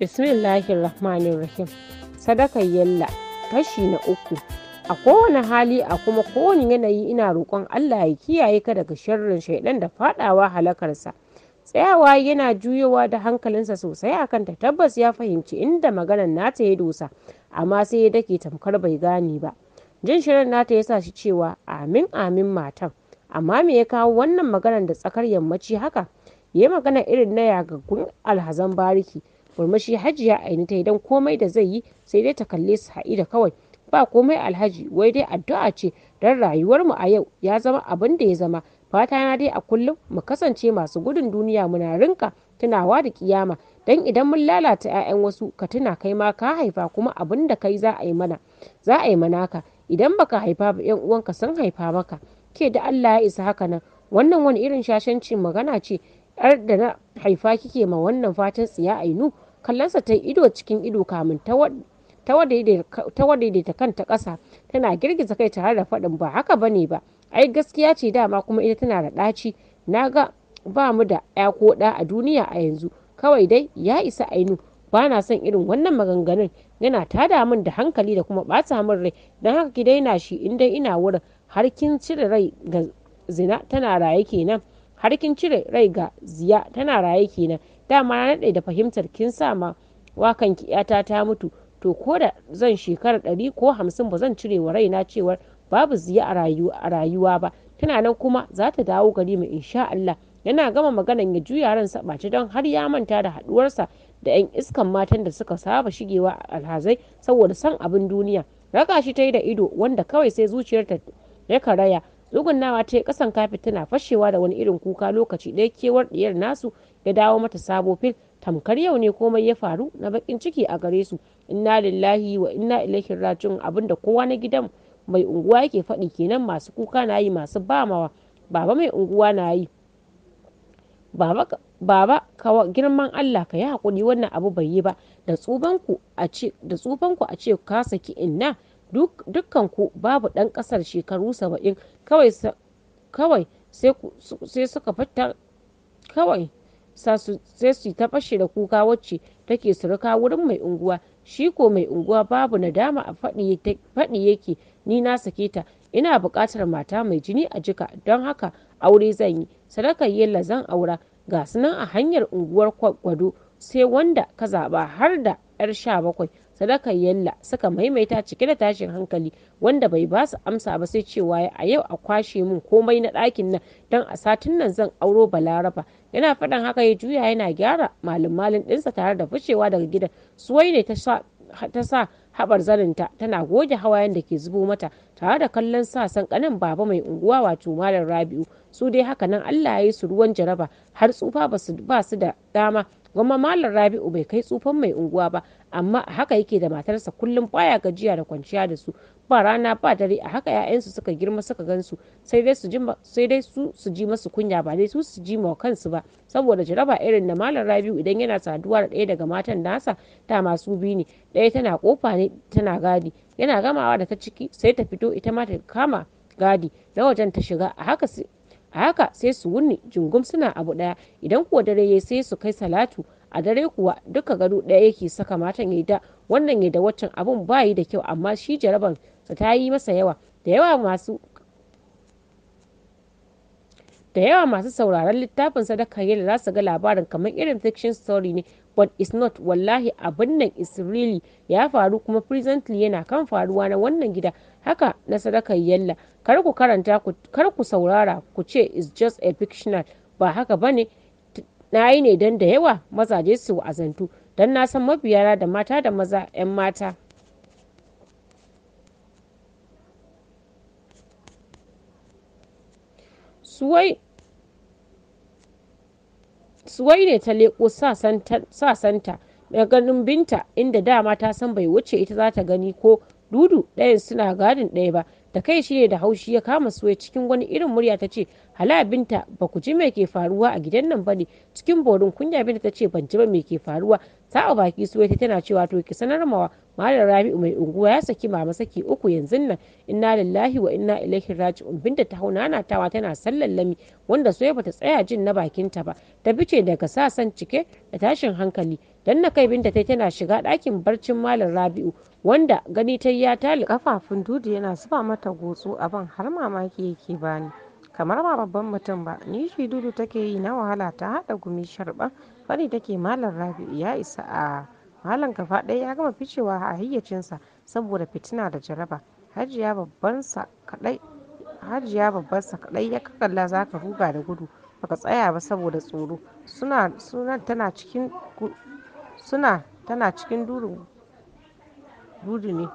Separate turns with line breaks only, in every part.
Bismillahir Rahmanir Rahim. Sadakar Yalla kashi na uku. A kowane hali a kuma kowane yanayi ina roƙon Allah ya kiyaye ka daga sharrin shaidan da faɗawa halakarsa. Tsayawa yana juyowa da hankalinsa sosai akan ta tabbas ya fahimci inda maganar nata ya dosa amma sai ya dake tamkar bai gane ba. Jin shirin nata ya sa shi cewa amin amin matan amma me ya kawo wannan maganar da tsakar yammaci haka? Ya magana irin na yagaggun alhazan bariki Murmushi Hajiya Aini ta idan komai da zai yi sai dai ta kalle su da kawai. Ba komai Alhaji wai dai addu'a ce don mu a yau ya zama abin da ya zama. Fata na dai a kullum mu kasance masu gudun duniya muna rinka tunawa da kiyama dan idan mun lalata 'ya'yan wasu ka tuna kai ma ka haifa kuma abin da kai za a yi mana za a yi mana ka idan baka haifa ba 'yan uwanka sun haifa maka ke da Allah ya isa haka nan wannan wani irin shashancin magana ce 'yar da na haifa kike ma wannan fatan tsiya ainu sa ta ido cikin ido kamun ta wadaidaita kanta ƙasa tana girgiza kai tare da faɗin ba haka ba ne ba ai gaskiya ce dama kuma ita tana da ɗaci na ga ba mu da ya ko da a duniya a yanzu kawai dai ya isa ainu ba na son irin wannan maganganun yana ta damun da hankali da kuma ɓata min rai don haka ki daina shi in dai ina wurin har kin cire rai ga zina tana raye kenan har kin cire rai ga ziya tana raye kenan dama na nade da fahimtar kin sa ma wakan ki yata ta mutu to ko da zan shekara ɗari ko hamsin ba zan cire wa raina cewar babu ziya a rayuwa ba tana nan kuma za ta dawo gari mai insha Allah yana gama maganan ya juya ransa ɓaci don har ya manta da haɗuwarsa da 'yan iskan matan da suka saba shigewa a alhazai saboda son abin duniya raka shi ta yi da ido wanda kawai sai zuciyarta ya karaya tsugunnawa ta yi kasan kafet tana fashewa da wani irin kuka lokaci ɗaya kewar ɗiyar nasu ya dawo mata sabo fil tamkar yau ne komai ya faru na bakin ciki a gare su inna lillahi wa inna ilaihi rajiun abinda kowa na gidan mai unguwa yake faɗi kenan masu kuka na yi masu bamawa baba mai unguwa na yi baba baba kawa girman Allah ka yi hakuri wannan abu bai yi ba da tsufanku a ce da tsufanku a ce ka saki inna dukkanku babu ɗan ƙasar shekaru saba'in kawai sai su ta fashe da kuka wacce take suruka wurin mai unguwa, shi ko mai unguwa babu nadama a faɗi yake ni na sake ta ina buƙatar mata mai jini a jika don haka aure zan yi sadakar yalla zan aura ga sunan a hanyar unguwar gwado sai wanda ka zaɓa har da 'yar sha bakwai sadakar yalla suka maimaita cike da tashin hankali wanda bai ba su amsa ba sai cewa a yau a kwashe min komai na ɗakin nan don a satin nan zan auro balaraba yana faɗan haka ya juya yana gyara malin malin ɗinsa tare da ficewa daga gidan suwai ne ta sa haɓar zaninta tana goge hawayen da ke zubo mata tare da kallon sasan kanin baba mai unguwa wato malam rabi'u su dai haka nan allah ya yi su ruwan jaraba har tsufa ba su da dama gwamma malam rabi'u bai kai tsufan mai unguwa ba amma haka yake da matarsa kullum baya gajiya da kwanciya da su ba rana ba dare a haka 'ya'yansu suka girma suka gansu sai dai su su ji masu kunya ba dai su su ji ma kansu ba saboda jaraba irin da malam rabiu idan yana saduwa da ɗaya daga matan nasa ta masu biyu ne ɗaya tana kofa ne tana gadi yana gamawa da ta ciki sai ta fito ita ma ta kama gadi na wajen ta shiga a haka a haka sai su wuni jungum suna abu daya idan kuwa dare ya sai su kai salatu a dare kuwa duka gado daya yake saka matan ya da wannan ya da waccan abun bayi da kyau amma shi jaraban ta yi masa yawa da yawa masu da yawa masu sauraron littafin sadaka yadda za su ga labarin kamar irin fiction story ne but it's not wallahi abin nan is really ya faru kuma presently yana kan faruwa na wannan gida haka na sadaka yalla kar ku karanta kar ku saurara ku ce is just a fictional ba haka bane na yi ne don da yawa mazaje su wa'azantu don na san mabiyana da mata da maza 'yan mata suwai ne ta leƙo sasanta da ganin Binta, inda dama ta san bai wuce ita za ta gani ko Dudu ɗayan suna gadin ɗaya ba, shi ne da haushi ya kama Suwai cikin wani irin murya ta ce, Hala Binta ba ku ji mai ke faruwa a gidan nan ba ne? Cikin borin kunya Binta ta ce, Ban ji ba me ke faruwa? ta baki suwaita tana cewa to ki sanar mawa malam rabi'u mai unguwa ya saki mama saki uku yanzu nan inna lillahi wa inna ilaihi raji'un binta ta hau tawa tana sallan lami wanda soya bata tsaya jin na bakinta ba ta fice daga sasan cike da tashin hankali dan na kai binta tai tana shiga ɗakin barcin malam rabi'u wanda gani ta ya tali kafafun dudu yana zuba mata gotso ban har mamaki yake bani kamar ba babban mutum ba ni shi dudu take yi na wahala ta hada gumi sharba fari take Malam rabi ya isa a Malam gaba ɗaya ya gama ficewa a hayyacinsa saboda fitina da jaraba. Hajiya babbansa kaɗai babbarsa kaɗai ya kakalla za ka ruga da gudu baka tsaya ba saboda tsoro suna tana cikin suna tana cikin durin dudu ne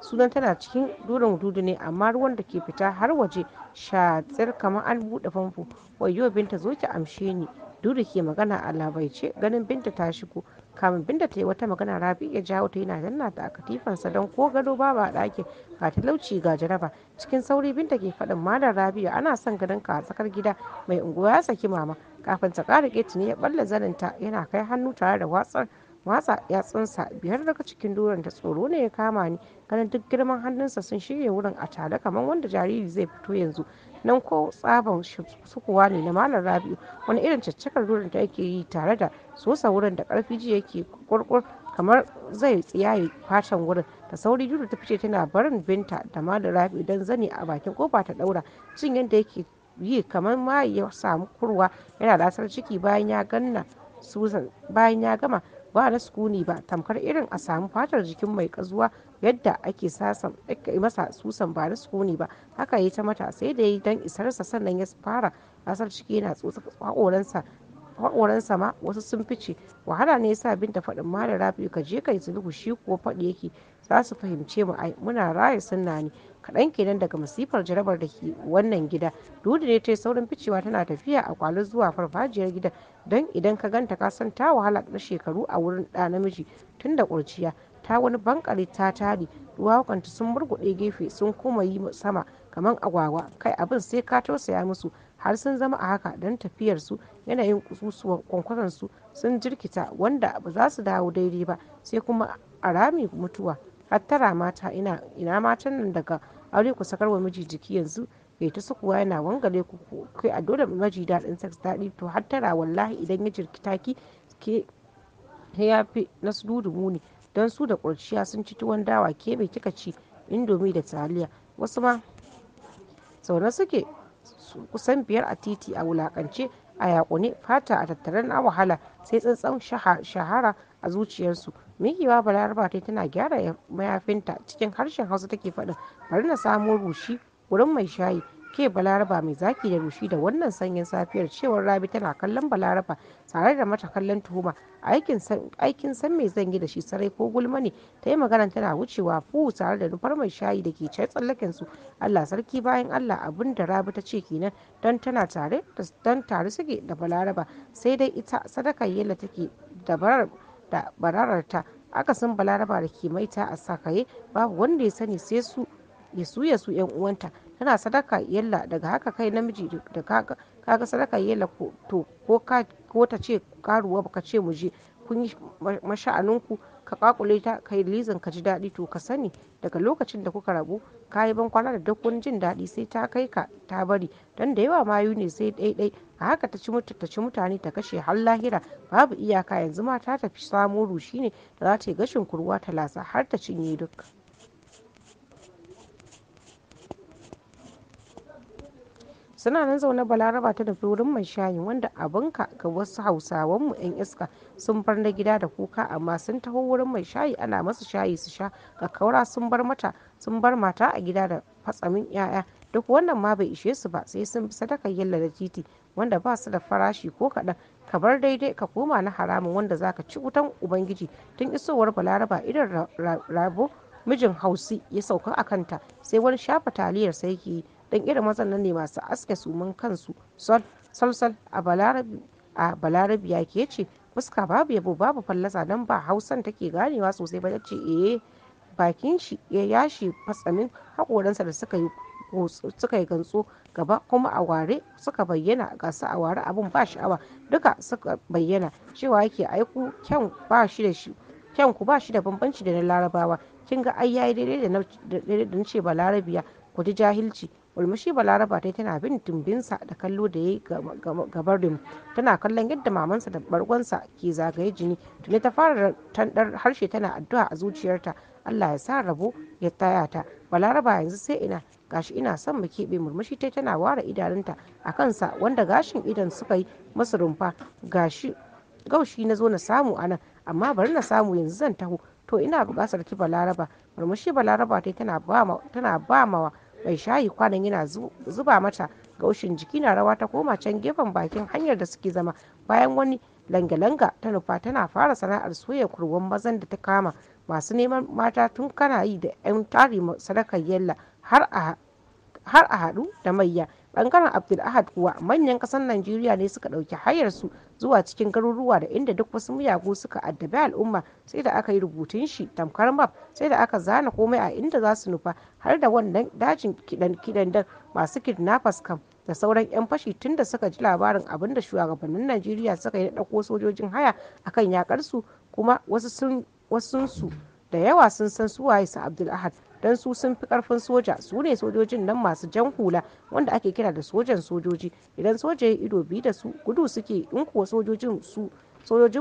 sunan tana cikin durin dudu ne amma ruwan da ke fita har waje shatsir kamar an buɗe famfo wayyo binta zo ki amshe ni Duru ke magana a labaice ganin Binta ta shigo. Kafin Binta ta yi wata magana rabi ya jawo ta yana danna ta a sa don ko gado babu a ɗakin ga talauci ga jaraba. Cikin sauri Binta ke faɗin Malam Rabi'u ana son ganin ka a tsakar gida mai unguwa ya saki mama. Kafin ta ƙara ne ya ɓalla ta yana kai hannu tare da watsar watsa yatsunsa biyar daga cikin duran da tsoro ne ya kama ni ganin duk girman hannunsa sun shirya wurin a tare kamar wanda jariri zai fito yanzu nan ko tsaban sukuwa ne na malam rabi'u wani irin caccakar rurin da yake yi tare da sosa wurin da karfi ji yake kurkur kamar zai tsiyaye fatan wurin da sauri juru ta fice tana barin binta da malam rabi'u don zani a bakin kofa ta daura cin yadda yake yi kamar ma ya samu kurwa yana lasar ciki bayan ya ganna bayan ya gama ba na sukuni ba tamkar irin a samu fatar jikin mai kazuwa yadda ake sasan masa susan ba na sukuni ba haka ya ta mata sai da yi dan isarsa sannan ya fara asar ciki yana tsotsa haƙoransa ma wasu sun fice wahala ne yasa binta faɗin da rafi ka je ka yi sulhu shi kuwa faɗi yake za su fahimce mu ai muna raya sunna ne kaɗan kenan daga masifar jarabar da ke wannan gida dudu ne ta saurin ficewa tana tafiya a kwalin zuwa farfajiyar gida don idan ka ganta ka san ta wahala na shekaru a wurin ɗa namiji tun da ƙurciya ta wani bankare ta tare duwawukanta sun murguɗe gefe sun koma yi sama kamar agwagwa kai abin sai ka tausaya musu har sun zama a haka don tafiyarsu yanayin kususuwan kwankwasansu sun jirkita wanda ba za su dawo daidai ba sai kuma a rami mutuwa hattara mata ina ina matan nan daga aure ku sakar wa miji jiki yanzu bai ta sukuwa yana wangale ku kai a dole maji daɗin sex daɗi to hattara wallahi idan ya jirkita ki ke ya fi na su dudu muni don su da ƙurciya sun ci tuwon dawa ke me kika ci indomi da taliya wasu ma zaune suke kusan biyar a titi a wulakance a yakune fata a tattare na wahala sai tsantsan shahara a zuciyarsu mikiwa balaraba ta tana gyara mayafinta cikin harshen hausa take faɗin bari na samo rushi wurin mai shayi ke balaraba mai zaki da rushi da wannan sanyin safiyar cewar rabi tana kallon balaraba tare da mata kallon tuhuma aikin san mai zangi da shi sarai ko gulma ne ta yi magana tana wucewa fu tare da nufar mai shayi da ke cai tsallaken su allah sarki bayan allah abin da rabi ta ce kenan don tana tare don tare suke da balaraba sai dai ita sadaka yela take da barararta akasin balaraba da ke maita a sakaye babu wanda ya sani sai su ya su yan uwanta kana sadaka yalla daga haka kai namiji da kaga sadaka yalla ko to ko ka ko ta ce karuwa baka ce mu je kun yi masha'aninku ka kakule ta kai lizan ka ji daɗi to ka sani daga lokacin da kuka rabu ka yi bankwana da duk wani jin daɗi sai ta kai ka ta bari don da yawa mayu ne sai ɗaiɗai a haka ta ci mutu ta ci mutane ta kashe har lahira babu iyaka yanzu ma ta tafi samo rushi ne da za ta yi gashin kurwa ta lasa har ta cinye duk. Suna nan zaune Balaraba ta nufi wurin mai shayin wanda abinka ga wasu hausawan mu 'yan iska sun bar na gida da kuka amma sun taho wurin mai shayi ana masa shayi su sha ga kaura sun bar mata sun bar mata a gida da fatsamin 'ya'ya duk wannan ma bai ishe su ba sai sun bi sadakar yalla da titi wanda ba su da farashi ko kaɗan ka bar daidai ka koma na haramun wanda zaka ci wutan ubangiji tun isowar balaraba idan rabo mijin hausi ya sauka a kanta sai wani shafa taliyar sai ke dan irin nan ne masu aske suman kansu sol-sol a balarabiya ke ce fuska babu yabo babu fallasa don ba hausan take ganewa sosai ba ce eh bakin shi ya yashi fatsamin da suka yi suka yi gantso gaba kuma a ware suka bayyana ga su a ware abin ba sha'awa duka suka bayyana cewa yake aiku kyan ba shi da shi kyan ku ba shi da bambanci da na larabawa kin ga ai yayi daidai da na ce ba larabiya ku ji jahilci murmushi balaraba ta tana bin tumbinsa da kallo da ya yi gabarin tana kallon yadda mamansa da bargonsa ke zagaye jini tuni ta fara tandar harshe tana addu'a a zuciyarta allah ya sa rabo ya taya ta balaraba yanzu sai ina gashi ina son mu keɓe murmushi ta tana ware idanunta a kansa wanda gashin idan suka yi musu rumfa gashi gaushi na zo na samu anan amma bari na samu yanzu zan taho to ina buƙatar ki balaraba murmushi balaraba ta tana ba mawa mai shayi kwanan yana zuba mata gaushin jiki na rawa ta koma can gefen bakin hanyar da suke zama bayan wani langa-langa ta nufa tana fara sana'ar soya kurwan mazan da ta kama masu neman mata tun kana yi da 'yan tari sadakar yalla har a haɗu da mayya bangaren abdulahad kuwa manyan kasar najeriya ne suka ɗauki hayarsu zuwa cikin garuruwa da inda duk wasu miyagu suka addabi al'umma sai da aka yi rubutun shi tamkar map sai da aka zana komai a inda za su nufa har da wannan dajin kidan kidan masu kidnappers kam da sauran 'yan fashi tun da suka ji labarin abin da shugabannin najeriya suka yi ɗauko sojojin haya akan yakar su kuma wasu sun da yawa sun san su waye su abdulahad don su sun fi karfin soja su ne sojojin nan masu jan hula wanda ake kira da sojan sojoji idan soja ya ido biyu da su gudu suke in kuwa sojojin su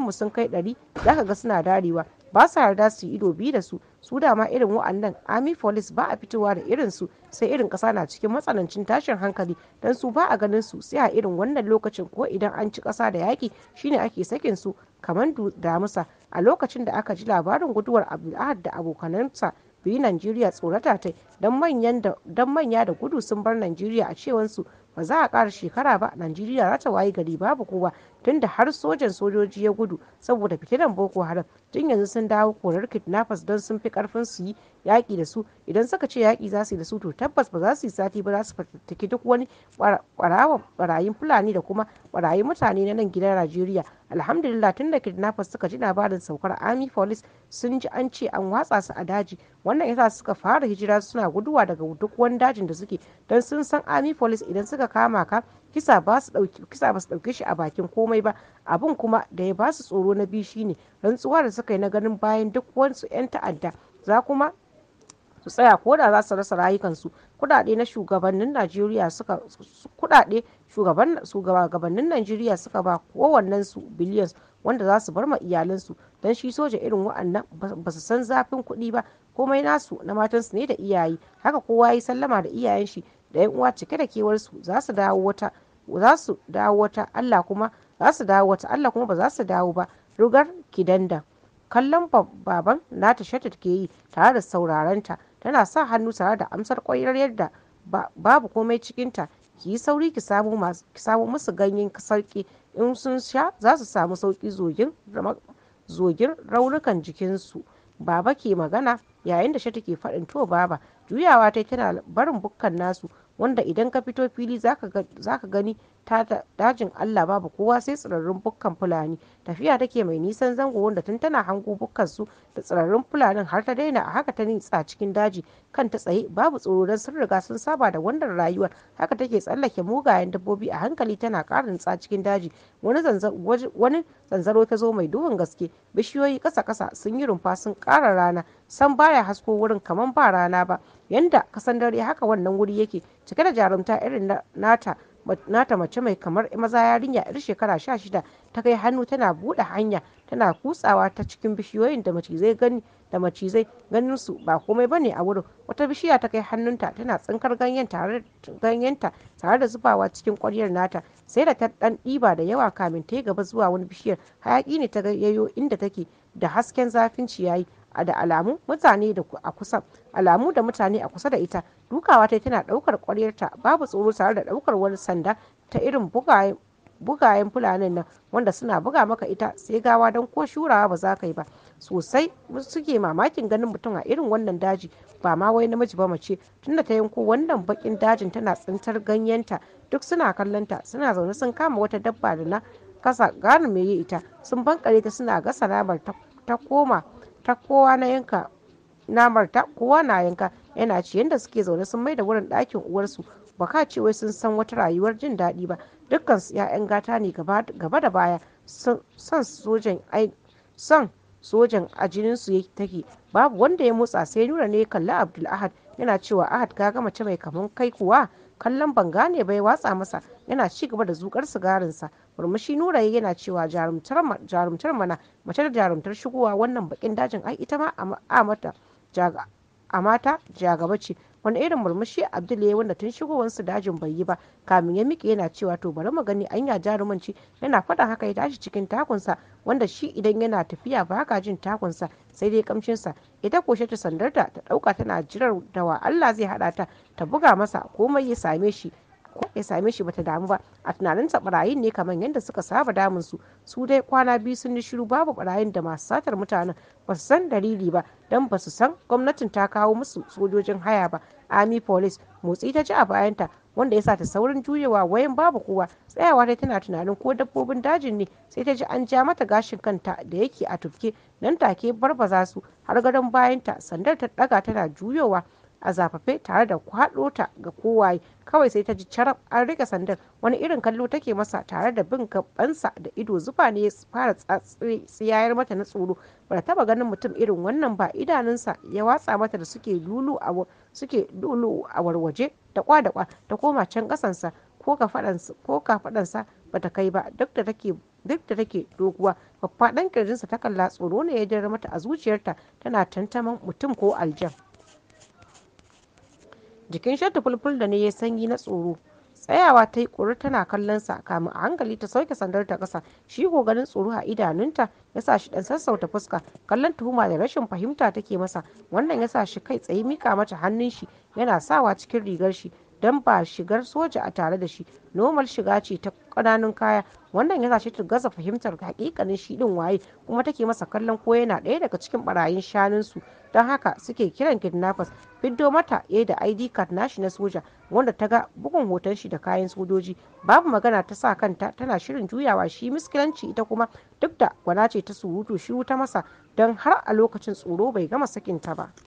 mu sun kai ɗari zaka ga suna darewa ba su yarda su yi ido biyu da su su dama irin wa'annan army police ba a fitowa da irin su sai irin kasa na cikin matsanancin tashin hankali don su ba a ganin su sai a irin wannan lokacin ko idan an ci kasa da yaki shine ake sakin su kamar damusa a lokacin da aka ji labarin guduwar ahad da abokanansa su yi Najeriya tsorata tai don manya da gudu sun bar Najeriya a su ba za a ƙara shekara ba Najeriya za ta wayi gari babu kowa tunda har sojan sojoji ya gudu saboda fitinan boko haram tun yanzu sun dawo korar kidnappers don sun fi karfin su yi yaƙi da su idan suka ce yaƙi za su yi da su to tabbas ba za su yi sati ba za su fatattaki duk wani barawa barayin fulani da kuma barayin mutane na nan gidan najeriya alhamdulillah tun da kidnappers suka ji labarin saukar army police sun ji an ce an watsa su a daji wannan yasa suka fara hijira suna guduwa daga duk wani dajin da suke don sun san army police idan suka kama ka kisa ba su ɗauke shi a bakin komai ba abun kuma da ya ba su tsoro na biyu shine rantsuwa da suka yi na ganin bayan duk wansu 'yan ta'adda za kuma su tsaya ko da za su rasa rayukansu kudade na shugabannin najeriya suka kudade shugabannin najeriya suka ba kowannen su billions wanda za su bar ma iyalansu don shi soja irin wa'annan ba su san zafin kuɗi ba komai nasu na matan su ne da iyaye haka kowa ya sallama da iyayen shi da yan uwa cike da kewarsu za su dawo wata za su dawo wata Allah kuma za su dawo wata Allah kuma ba za su dawo ba rugar kidandan kallon baban nata shatat ke yi tare da saurarenta tana sa hannu tare da amsar kwayar yadda babu komai cikinta ki yi sauri ki samu musu ganyen sarki in sun sha za su samu sauki zogin raunukan jikinsu baba ke magana yayin da shata ke faɗin to baba juyawa ta tana barin bukkan nasu wanda idan ka fito fili za ka gani dajin Allah babu kowa sai tsirarrun bukkan fulani tafiya take mai nisan zango wanda tun tana hango bukkan su da tsirarrun fulanin har ta daina a haka ta nitsa cikin daji kan ta tsaye babu tsoro don sun riga sun saba da wannan rayuwar haka take tsallake mugayen dabbobi a hankali tana ƙara nitsa cikin daji wani zanzaro ta zo mai duhun gaske bishiyoyi ƙasa-ƙasa sun yi rumfa sun ƙara rana san baya hasko wurin kamar ba rana ba yanda kasan dare haka wannan wuri yake cike da jarumta irin nata nata mace mai kamar maza yarinya yar shekara sha shida ta kai hannu tana buɗe hanya tana kutsawa ta cikin bishiyoyin da macizai gani da macizai ganin su ba komai bane a wurin wata bishiya ta kai hannunta tana tsinkar ganyen tare ganyenta tare da zubawa cikin ƙwaryar nata sai da ta dan ɗiba da yawa kamin ta yi gaba zuwa wani bishiyar hayaƙi ne ta yayo inda take da hasken zafin ciyayi da alamu mutane da a kusa alamu da mutane a kusa da ita dukawa ta tana daukar kwaryarta babu tsoro tare da daukar wani sanda ta irin bugayen fulanin nan wanda suna buga maka ita sai gawa don ko shurawa ba za ka yi ba sosai suke mamakin ganin mutum a irin wannan daji ba ma wai namiji ba mace tunda ta yanko wannan bakin dajin tana tsintar ganyenta duk suna kallonta suna zaune sun kama wata dabba da na kasa gane me ita sun bankare ta suna gasa namar ta koma ta kowa na yanka namar ta kowa na yanka yana ci yadda suke zaune sun maida wurin ɗakin uwarsu baka ce wai sun san wata rayuwar jin daɗi ba dukkan su 'ya'yan gata ne gaba da baya son sojan son sojan a jininsu su take babu wanda ya motsa sai nura ne kalli abdul ahad yana cewa ahad ka ga mace mai kaman kai kuwa kallon ban ne ba ya watsa masa yana ci gaba da zukar sigarinsa murmushi nuraye yana cewa jarumtar mana mace da jarumtar shigowa wannan bakin dajin ai ita ma a mata jagaba ce wani irin murmushi abdul ya yi wanda tun su dajin bai yi ba kamin ya miƙe yana cewa to bari mu gani anya jarumanci yana faɗa haka ya tashi cikin takunsa wanda shi idan yana tafiya ba ka jin takunsa sai dai kamshinsa ita koshe ta sandarta ta ɗauka tana jirar da wa Allah zai haɗa ta ta buga masa komai ya same shi ko ya same shi bata damu ba a tunanin sa barayin ne kamar yadda suka saba damun su su dai kwana biyu sun yi shiru babu barayin da masu satar mutanen ba su san dalili ba don ba su san gwamnatin ta kawo musu sojojin haya ba army police motsi ta ji a bayanta wanda ya sa ta saurin juyewa wayan babu kowa tsayawa dai tana tunanin ko dabbobin dajin ne sai ta ji an ja mata gashin kanta da yake a tufke nan take barbaza su har gadon bayanta sandar ta daga tana juyowa a zafafe tare da kwaɗo ta ga kowaye kawai sai ta ji carab an rike sandan wani irin kallo take masa tare da bin gabansa da ido zufa ne ya fara tsiyayar mata na tsoro ba taba ganin mutum irin wannan ba idanunsa ya watsa mata da suke lulu a suke lulu a warwaje da kwa ta koma can kasansa ko ka sa ba ta kai ba duk da take duk da take doguwa faffaɗan kirjinsa ta kalla tsoro ne ya jira mata a zuciyarta tana tantaman mutum ko aljan jikin shatta fulful da ne ya sanyi na tsoro tsayawa ta yi ƙuri tana kallon sa kamin a hankali ta sauke sandar ta ƙasa shi ko ganin tsoro a idanunta ya sa shi ɗan sassauta fuska kallon tuhuma da rashin fahimta take masa wannan ya sa shi kai tsaye mika mata hannun shi yana sawa cikin rigar shi don ba shigar soja a tare da shi nomal shiga ce ta ƙananun kaya wannan ya sace ta gaza fahimtar hakikanin shi din waye kuma take masa kallon ko yana ɗaya daga cikin barayin su don haka suke kiran kidnappers fiddo mata ya da id card nashi na soja wanda ta ga bugun hoton shi da kayan sojoji babu magana ta sa kanta tana shirin juyawa shi miskilanci ita kuma duk da gwana ce ta surutu shiru ta masa don har a lokacin tsoro bai gama sakinta ba